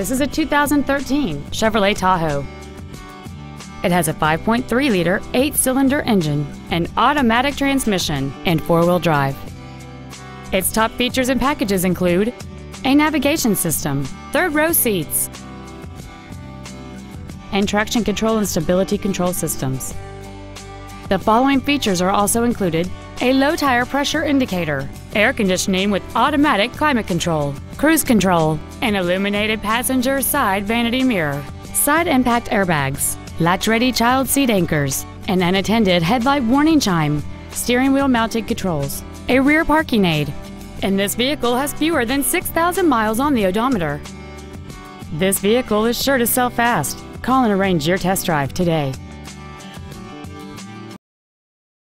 This is a 2013 Chevrolet Tahoe. It has a 5.3 liter, eight cylinder engine, an automatic transmission, and four wheel drive. Its top features and packages include a navigation system, third row seats, and traction control and stability control systems. The following features are also included a low tire pressure indicator, air conditioning with automatic climate control, cruise control, an illuminated passenger side vanity mirror, side impact airbags, latch-ready child seat anchors, an unattended headlight warning chime, steering wheel mounted controls, a rear parking aid, and this vehicle has fewer than 6,000 miles on the odometer. This vehicle is sure to sell fast. Call and arrange your test drive today.